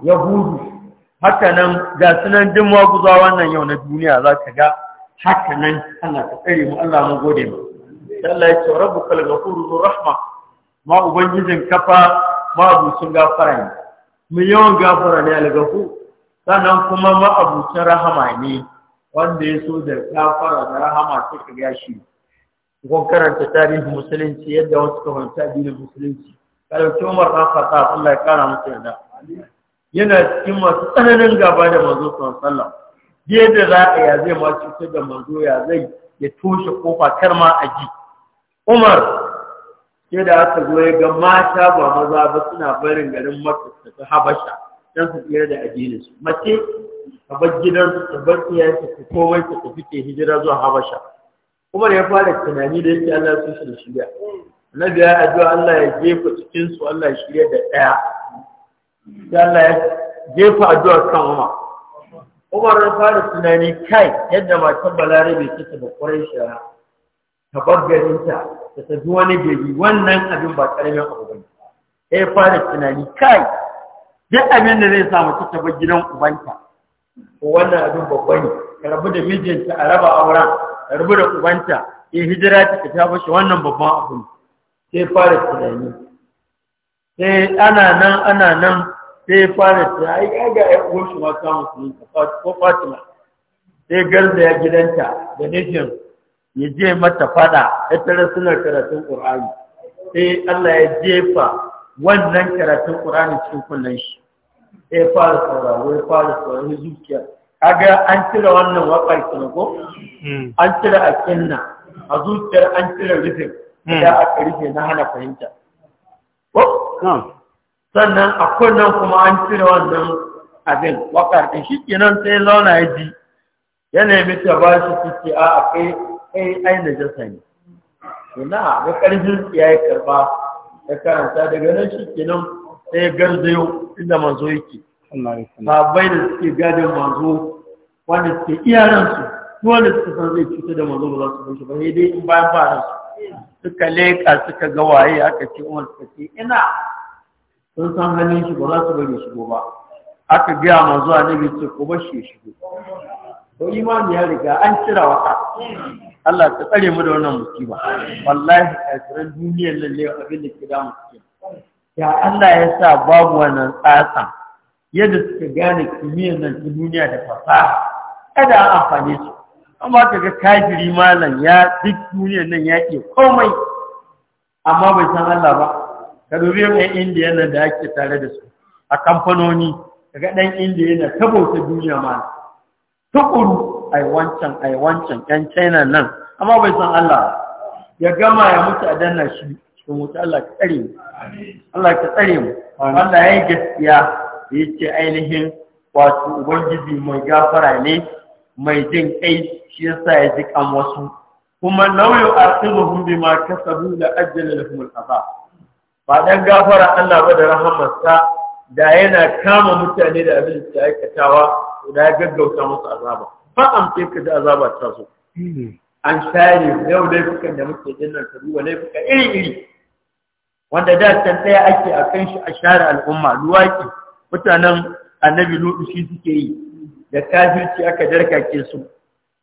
yahudu haka nan ga sunan duk maguza wannan yau na duniya za ka ga haka nan Allah ka tsare mu Allah mu gode mu Allah ya ce rabu al-ghafuru dhur rahma ma ubangijin kafa ma abucin gafara ne mu yawan gafara ne al sannan kuma ma abucin rahama ne wanda ya so da gafara da rahama suka ga shi kun karanta tarihin musulunci yadda wasu ka fahimci addinin musulunci kalauci umar ɗan fata Allah ya kara musu yarda yana cikin masu tsananin gaba da manzo sallallahu yadda za a ya zai ma cutar da manzo ya zai ya toshe kofa kar ma a ji umar sai da aka zo ya ga mata ba maza ba suna barin garin makka su tafi habasha don su tsira da addinin su mace a bar gidan ta bar iyayen ta komai ta tafi ke hijira zuwa habasha umar ya fara tunani da yake Allah su shi da shirya annabi ya addu'a Allah ya jefa cikin su Allah ya shirya da daya sai Allah ya jefa addu'a kan umar umar ya fara tunani kai yadda matan balarabe take da ƙwarai shara tabaggarinta da ta tafi wani gari wannan abin ba ƙaramin abu ba ne ya fara tunani kai duk abin da zai samu ta taba gidan ubanta ko wannan abin babba ne ka rabu da mijinta a raba auren ka rabu da ubanta in hijira ta ta shi wannan babban abu ne sai fara tunani sai ana nan ana nan sai fara tunani ai ga ya uwar shi ma samu ko fatima sai Garza ya gidanta da nijin ya je mata fada ita tare suna karatun ƙur'ani sai Allah ya jefa wannan karatun ƙur'ani cikin kullun shi sai fara sauraro ya fara sauraro zuciya kaga an cire wannan waƙar kina ko hmm. an cire a kinna a zuciyar an cire rufin hmm. da aka rufe na hana fahimta ko hmm. sannan a kunnen kuma an cire wannan abin waƙar din shi kenan sai zauna ya ji ya nemi ta ba shi ciki a akai eh ai jasa ne ina ga karfin ya yi karba ya karanta daga nan shi ke nan sai ya garzayo inda manzo yake sabai da suke gadin manzo wanda suke iyaransu wanda suka san zai cuta da manzo ba za su bushe ba sai dai in bayan ba su. suka leƙa suka ga waye aka ce umar suka ce ina sun san hannun shi ba za su bari shigo ba aka gaya manzo annabi ce ko bashi ya shigo to imani ya riga an cira wata Allah ta tsare mu da wannan musiba wallahi kafiran duniyar nan ne abin da ke musiba ya Allah ya sa babu wannan tsatsa yadda suka gane kimiyyar nan ta duniya da fasaha kada an amfane su amma ga kafiri malam ya duk duniyar nan ya ke komai amma bai san Allah ba ka dubi mai indiya nan da ake tare da su a kamfanoni kaga dan indiya yana ta duniya ma tukuru ai wancan ai wancan ƴan China nan amma bai san Allah ya gama ya mutu a danna shi cikin wuta Allah ka tsare mu Allah ka tsare mu Allah yi gaskiya ce ainihin wato ubangiji mai gafara ne mai jin kai shi yasa ya ji kan wasu kuma nauyin aqibuhum bima kasabu da ajiyar da kuma azab ba dan gafara Allah ba da rahamarsa da yana kama mutane da abin da aikatawa da ya gaggauta musu azaba fa amce ka da azaba ta so hmm. an share yau laifukan da muke dinnan ta duba laifuka iri iri wanda da can tsaya ake a kan shi a share al'umma luwaki mutanen annabi lutu shi suke yi da kafirci aka darkake su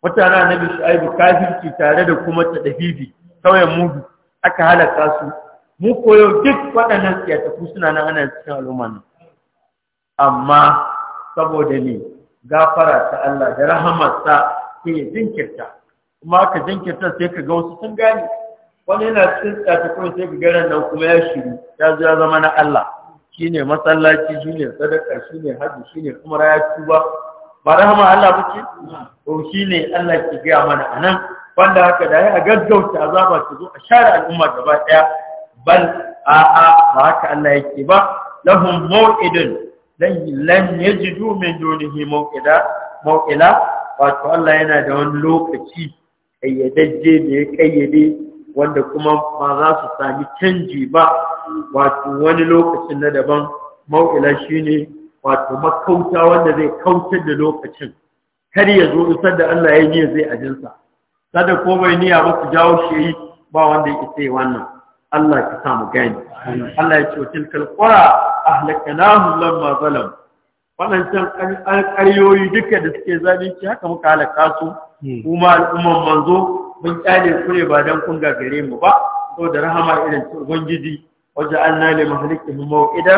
mutanen annabi shu'aibu kafirci tare da kuma dafifi kawai mudu aka halaka su mu koyo duk waɗannan siyasa suna nan ana cikin al'umma amma saboda ne gafara ta Allah da rahamarsa sai ya jinkirta kuma aka jinkirta sai ka ga wasu sun gane wani yana cikin tsata kuma sai ka garan nan kuma ya shiru ya zo ya zama na Allah shine masallaci shine sadaka shine haji shine umra ya tuba ba rahama Allah bace to shine Allah ki ga mana anan wanda haka da ya gaggauta azaba ta zo a share al'umma gaba daya bal a'a ba haka Allah yake ba lahum maw'idun lan yajidu min dunihi mawqila mawqila wato Allah yana da wani lokaci kayyadajje da ya kayyade wanda kuma ba za su sami canji ba wato wani lokacin na daban mawqila shine wato makauta wanda zai kautar da lokacin kar ya zo isar da Allah ya yi zai ajinsa sada ko bai niyya ba su jawo shi ba wanda ya sai wannan Allah ka sa mu gani Allah ya ce wa tilkal qura ahlaknahum lamma zalam kan alƙaryoyi duka da suke zabi ki haka muka halaka su kuma hmm. al'umman manzo mun kyale ku ne ba dan kun gare mu ba da rahama irin ubangiji wajen an mahalikin mu. mawida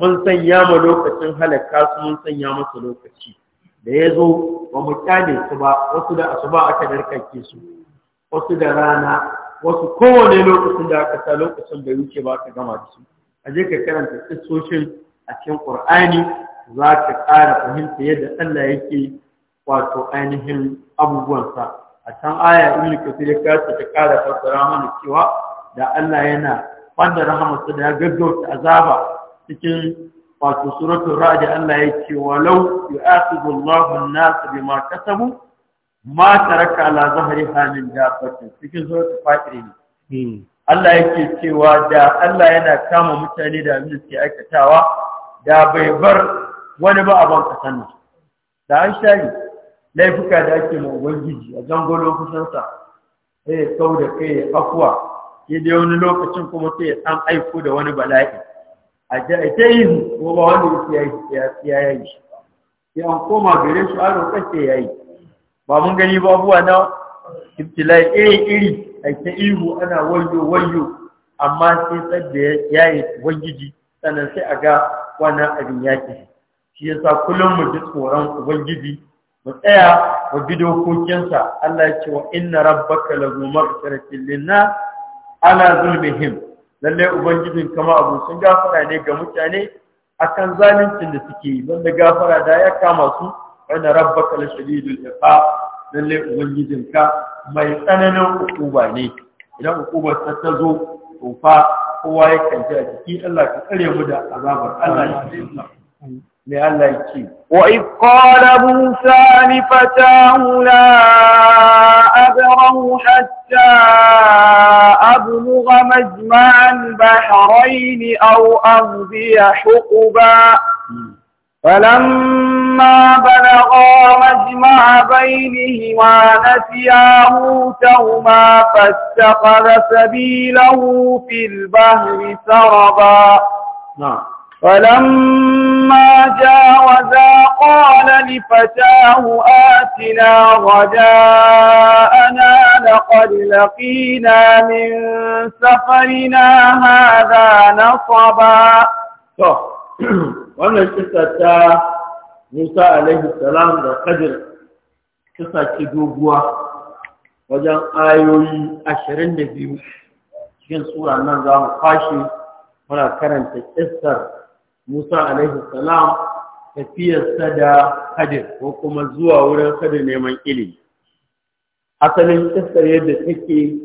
mun sanya ma lokacin halaka su mun sanya masa lokaci da ya zo ba mu kyale su ba wasu da asuba aka darkake su wasu da rana wasu kowane lokacin da aka sa lokacin da wuce ba ka gama da su a je ka karanta tsoshin a cikin ƙur'ani za ka ƙara fahimta yadda Allah yake wato ainihin abubuwansa a can aya ibnu kathir ya kasa ta ƙara fassara mana cewa da Allah yana fanda rahamarsa da ya gaggauta azaba cikin wato suratun ra'adi, Allah ya ce walau yu'akhidhu Allahu an-nasa bima kasabu ma taraka ala zahriha min dafatin cikin suratul fatir ne Allah yake cewa da Allah yana kama mutane da abin da suke aikatawa da bai bar wani ba a ban kasan nan da an shari laifuka da ake ma ubangiji a zangolo kusansa sai ya da kai ya afuwa sai dai wani lokacin kuma sai ya san aiko da wani bala'i a ta yi ko ba wanda ya yi ya yi an koma gare shi a lokacin ya yi ba mun gani babuwa na ibtilai iri-iri a ta ihu ana wayo-wayo amma sai tsadda ya yi ubangiji sannan sai a ga wannan abin ya shi ya sa kullum mu ji tsoron ubangiji mu tsaya wa bi dokokinsa Allah ya ce wa inna rabbaka gumar Ana linnas ana zulmihim lalle ubangijin kama abu sun gafara ne ga mutane akan zaluncin da suke yi wanda gafara da ya kama su inna rabbaka la shadidul iqab lalle ubangijinka mai tsananin hukuma ne idan hukumar ta tazo to fa kowa ya kanta a jiki Allah ka tsare mu da azabar Allah ya tsare وإذ قال موسى لفتاه لا أبره حتى أبلغ مجمع البحرين أو أمضي حقبا فلما بلغا مجمع بينهما نسيا موتهما فاتخذ سبيله في البهر سربا نعم فلما جاوزا قال لفتاه آتنا غداءنا لقد لقينا من سفرنا هذا نصبا wannan kisa ta Musa alaihi salam da Khadir kisa ce doguwa wajen ayoyi ashirin da biyu cikin tsura nan za mu kwashe muna karanta kisar Musa alaihi salam tafiyarsa da Khadir ko kuma zuwa wurin Khadir neman ilimi asalin kisar yadda take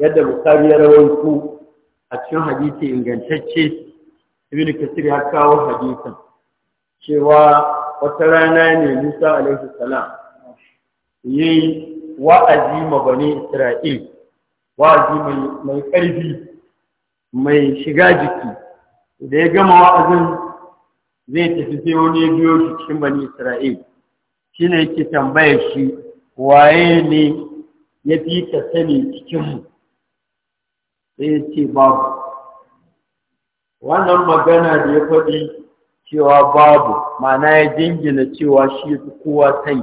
yadda Bukhari ya rawaito a cikin hadisi ingantacce ibn kasir ya kawo hadisan cewa wata rana ne Musa alaihi salam yi wa'azi ma bani Isra'il wa'azi mai ƙarfi mai shiga jiki da ya gama wa'azin zai tafi sai wani ya biyo shi cikin bani Isra'il shi ne yake tambaya shi waye ne ya fi ka sani cikinmu sai ya ce babu wannan magana da ya faɗi cewa babu ma'ana ya jingina cewa shi fi kowa sai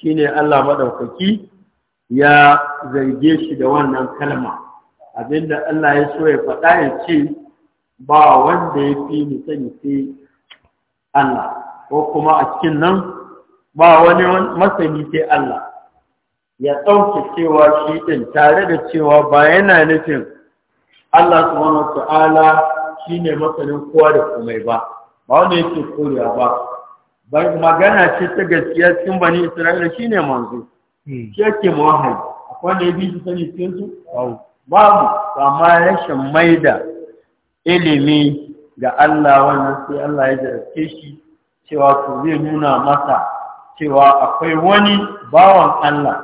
shi ne Allah maɗaukaki ya zarge shi da wannan kalma abinda Allah ya so ya faɗa ya ce ba wanda ya fi ni sani sai Allah ko kuma a cikin nan ba wani masani sai Allah ya ɗauke cewa shi ɗin tare da cewa ba yana nufin Allah subhanahu ta'ala shine masanin kowa da komai ba ba wanda yake korewa ba magana ce ta gaskiya cikin bani Isra'ila shine manzo hmm. shi yake mawahayi akwai wanda ya bi shi sani cikin su babu amma rashin maida ilimi ga Allah wannan sai Allah ya jarabce shi cewa to zai nuna masa cewa akwai wani bawan Allah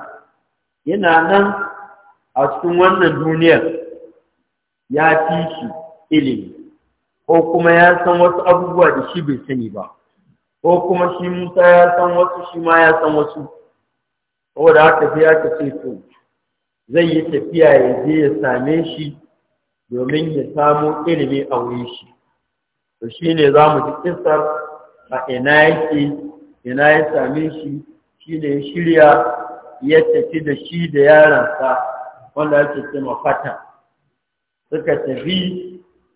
yana nan a cikin wannan duniyar ya fi shi ilimi ko kuma ya san wasu abubuwa da shi bai sani ba ko kuma shi Musa ya san wasu shi ma ya san wasu da haka sai aka ce to zai yi tafiya ya je ya same shi domin ya samo ilimi a wuri shi to ne za mu ji kisar a ina yake ina ya same shi Shi ne ya shirya ya tafi da shi da yaransa wanda ake ce mafata suka tafi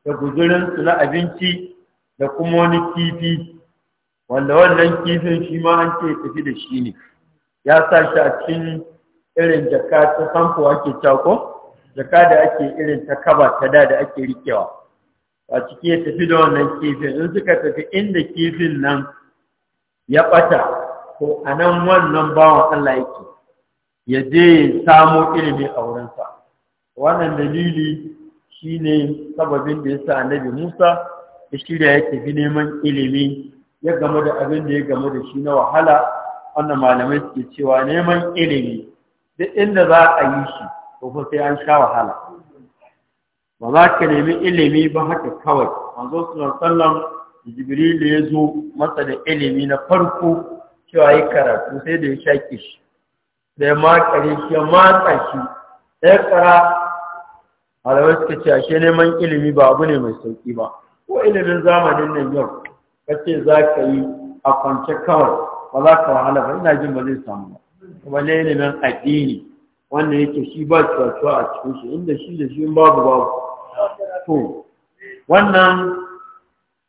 da su na abinci da kuma wani kifi wanda wannan kifin shi ma an ce tafi da shi ne ya sa shi a cikin irin jaka ta samfo ake cako jaka da ake irin ta kaba ta da da ake rikewa a ciki ya tafi da wannan kifin in suka tafi inda kifin nan ya bata ko a nan wannan bawan Allah yake ya je ya samo ilimi a wurinsa wannan dalili Shi ne sababin da ya sa annabi Musa ya shirya ya tafi neman ilimi ya game da abin da ya game da shi na wahala wannan malamai suke cewa neman ilimi duk inda za a yi shi ko sai an sha wahala ba za ka nemi ilimi ba haka kawai manzo sallallahu alaihi jibril ya zo masa da ilimi na farko cewa yi karatu sai da ya sha shi da ya makare shi ya matsa shi ya kara malamai suka ce ashe neman ilimi ba abu ne mai sauki ba ko ilimin zamanin nan yau ce za ka yi a kwance kawai ba za ka wahala ba ina jin ba zai samu ba kuma ne ilimin addini wanda yake shi ba cuwa a cikin shi inda shi da shi babu babu to wannan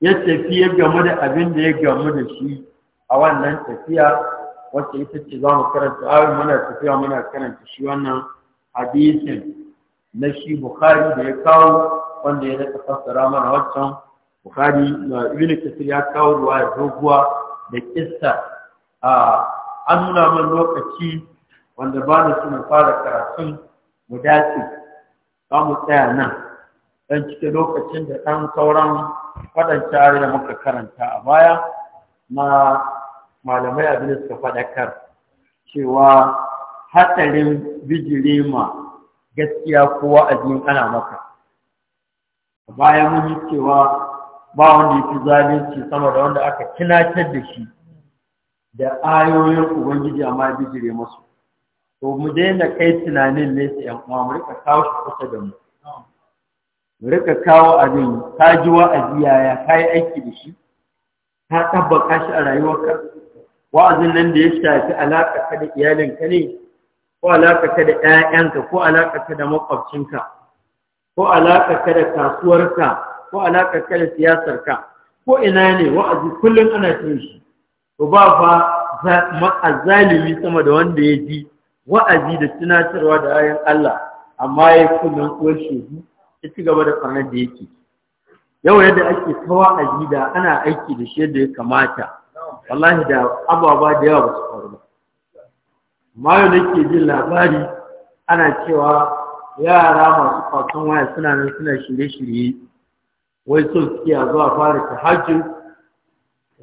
ya tafi ya gamu da abin da ya gamu da shi a wannan tafiya wacce ita ce za mu karanta abin muna tafiya muna karanta shi wannan hadisin na shi bukhari da ya kawo wanda ya daga fassara mana wancan bukhari uh, ibn Kathir ya kawo ruwa doguwa da kissa a an nuna min lokaci wanda ba na suna fara karatun mu dace za mu tsaya nan dan cike lokacin da ɗan sauran faɗan tare da muka karanta a baya na malamai abin da suka faɗakar cewa hatsarin bijirima gaskiya ko azin ana maka bayan mun yi cewa ba wanda ya fi zalunci sama da wanda aka tunatar da shi da ayoyin ubangiji amma bijire masu to mu daina kai tunanin ne yan uwa mu rika kawo shi kusa da mu mu rika kawo abin ka ji wa'azi yaya ka yi aiki da shi ka tabbaka shi a rayuwarka wa'azin nan da ya shafi alaƙa ka da iyalinka ne ko alaƙarka da ɗayanka ko alaƙarka da makwabcinka ko alaƙarka da kasuwarka ko alaƙarka da siyasarka ko ina ne wa'azi kullum ana cin shi to ba fa ma'azalimi sama da wanda ya ji wa'azi da tunatarwa da ayan Allah amma ya kullum uwar shehu ya ci gaba da ƙarnar da yake yau yadda ake ta wa'azi da ana aiki da shi yadda ya kamata wallahi da ababa da yawa ba su faru ba mayo ke jin labari ana cewa yara masu kwasan waya suna nan suna shirye-shirye wai sun suke a zuwa fara ta hajji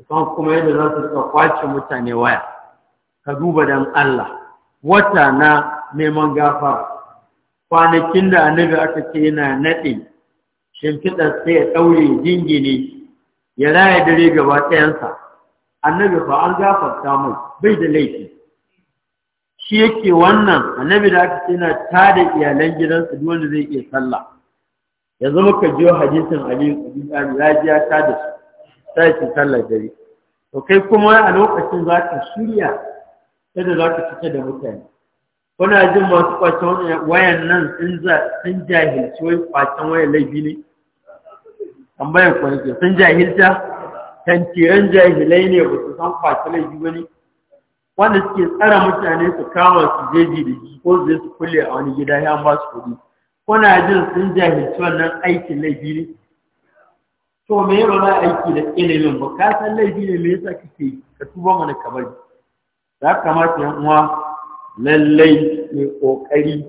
kan kuma yadda za su suka kwace mutane waya ka duba dan Allah wata na neman gafa. kwanakin da annabi aka ce yana naɗe shimfiɗar sai ya ɗaure jingine ya raya dare gaba ɗayansa annabi fa an gafarta mai bai da laifi shi yake wannan annabi da aka ce ta tada iyalan gidansa duk wanda zai iya sallah ya zama ka jiyo hadisin Ali ibn Abi Talib ya da su sai ki sallah dare to kai kuma a lokacin za ka shirya yadda za ka fita da mutane kuna jin masu kwacen wayan nan sun jahilci wai kwacen wayan laifi ne tambayar kwanke sun jahilta tantiran jahilai ne ba su san kwacen laifi ba ne wanda suke tsara mutane su kama su jeji da shi ko su su kulle a wani gida ya ba su kuɗi kuna jin sun jahilci wannan aikin laifi ne to me yaro na aiki da ilimin ba ka san laifi ne me yasa kake ka tuba mana ka bari ka kamata yan uwa lallai mai kokari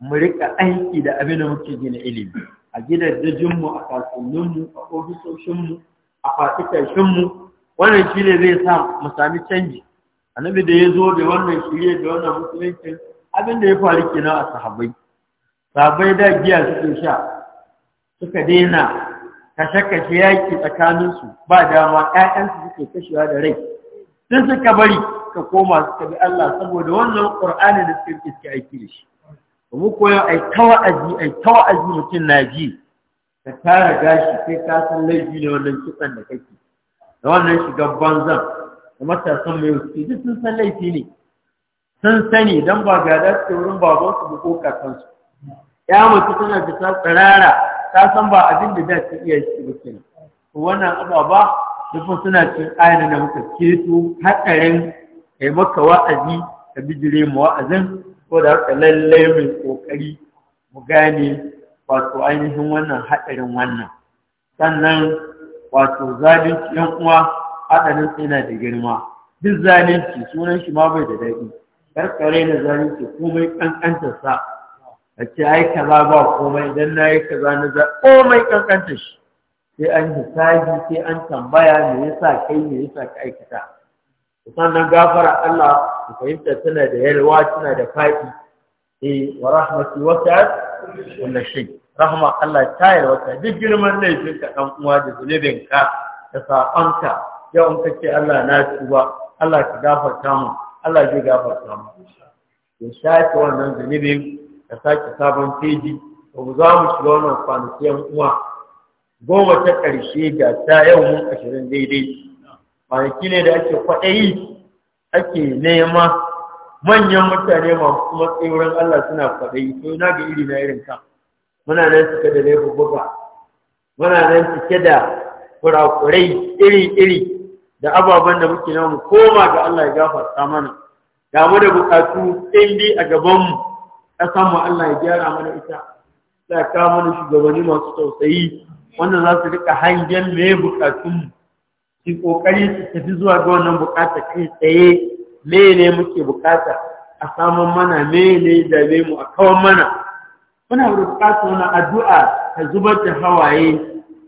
mu rika aiki da abin da muke gina ilimi a gidajenmu a mu a mu a mu wannan shi ne zai sa mu sami canji annabi da ya zo da wannan shirye da wannan musulunci abin da ya faru kenan a sahabai. Sahabai da giya suke sha suka daina kashe-kashe yaki tsakaninsu ba dama ƴaƴansu suke kashewa da rai sun suka bari ka koma suka bi Allah saboda wannan Qur'ani da suke suke aiki da shi mu koyo ai tawa'azi ai tawa'azi mutum na ji ka tara gashi sai ka san laifi ne wannan kitsan da kake da wannan shiga banzan da matasan mai wuce duk sun san laifi ne sun sani don ba gada su wurin babansu su ko kakansu ya mutu tana da ta tsirara ta san ba abin da za ta iya shi ba kenan wannan ababa dukkan suna cin ayyana da muka keto hatsarin kai maka wa'azi ka bijire mu wa'azin ko da haka lallai mai ƙoƙari mu gane wato ainihin wannan haɗarin wannan sannan wato zabin yan uwa adalin yana da girma duk zalunci sunan shi ma bai da daɗi karkare na zalunci komai kankantar sa a ce ai kaza ba komai idan na yi kaza na za komai kankantar shi sai an hisabi sai an tambaya me yasa kai me yasa ka aikata sannan gafara Allah ku fahimta tana da yalwa tana da faɗi E, wa rahmati wasa'at kullu shay rahma Allah ta yi yalwata duk girman laifin ka uwa da zunubinka ka da saƙonka yau in kace Allah na tuba Allah ka gafarta mu Allah zai gafarta mu ya shafe wannan zunubin ka sake sabon feji ba mu za mu shiga wannan kwanaki yan uwa goma ta ƙarshe ga ta yau mun ashirin daidai kwanaki ne da ake kwaɗayi ake nema manyan mutane masu matsayi wurin Allah suna kwaɗayi to na ga iri na irin ka muna nan cike da laifuka muna nan cike da kurakurai iri-iri da ababen da muke namu koma ga Allah ya gafarta mana ga mu da bukatu dai a gaban mu mu Allah ya gyara mana ita sai ka mana shugabanni masu tausayi wanda za su rika hangen me bukatun mu ki kokari su tafi zuwa ga wannan bukata kai tsaye me ne muke bukata a samun mana me ne da mu a kawan mana muna bukatu wani addu'a ta zubar da hawaye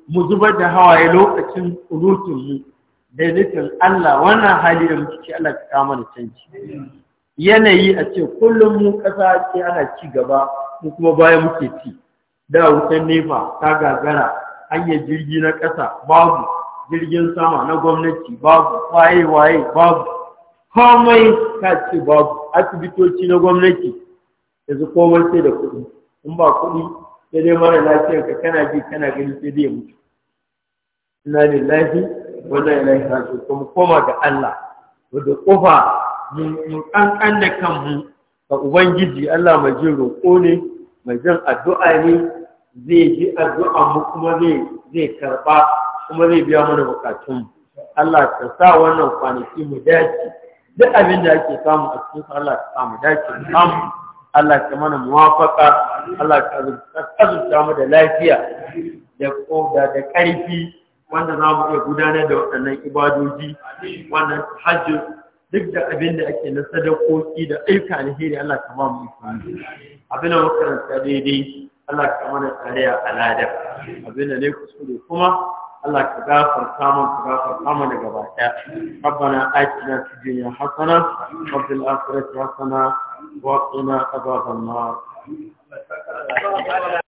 mu zubar da hawaye lokacin kunutun mu da nufin Allah wannan hali da muke ci Allah ka kama da canci yanayi a ce kullum mu ƙasa ce ana ci gaba mu kuma baya muke ci da wutan nefa ta gagara hanyar jirgi na ƙasa babu jirgin sama na gwamnati babu waye waye babu komai ka ce babu asibitoci na gwamnati yanzu komai sai da kuɗi in ba kuɗi sai dai mara lafiyarka kana ji kana gani sai dai mutu ina lillahi wannan ilaihi raji'un kuma koma ga Allah da kofa mu kankan da kanmu ga ubangiji Allah mai jin roƙo ne mai jin addu'a ne zai ji addu'a mu kuma zai zai karba kuma zai biya mana bukatun Allah ka sa wannan kwanaki mu dace duk abin da ake samu a cikin Allah ka samu dace mu samu Allah ka mana muwafaka Allah ka azurta mu da lafiya da ƙoda da ƙarfi wanda za mu iya gudanar da waɗannan ibadoji wannan hajji duk da abin da ake na sadakoki da aika alheri Allah ka ba mu ikon abin da makaranta daidai Allah ka mana tsariya a ladar abin da ne kuskure kuma Allah ka gafarta mu ka gafarta mu daga baya rabbana atina fid dunya hasana wa fil akhirati hasana wa qina adhaban nar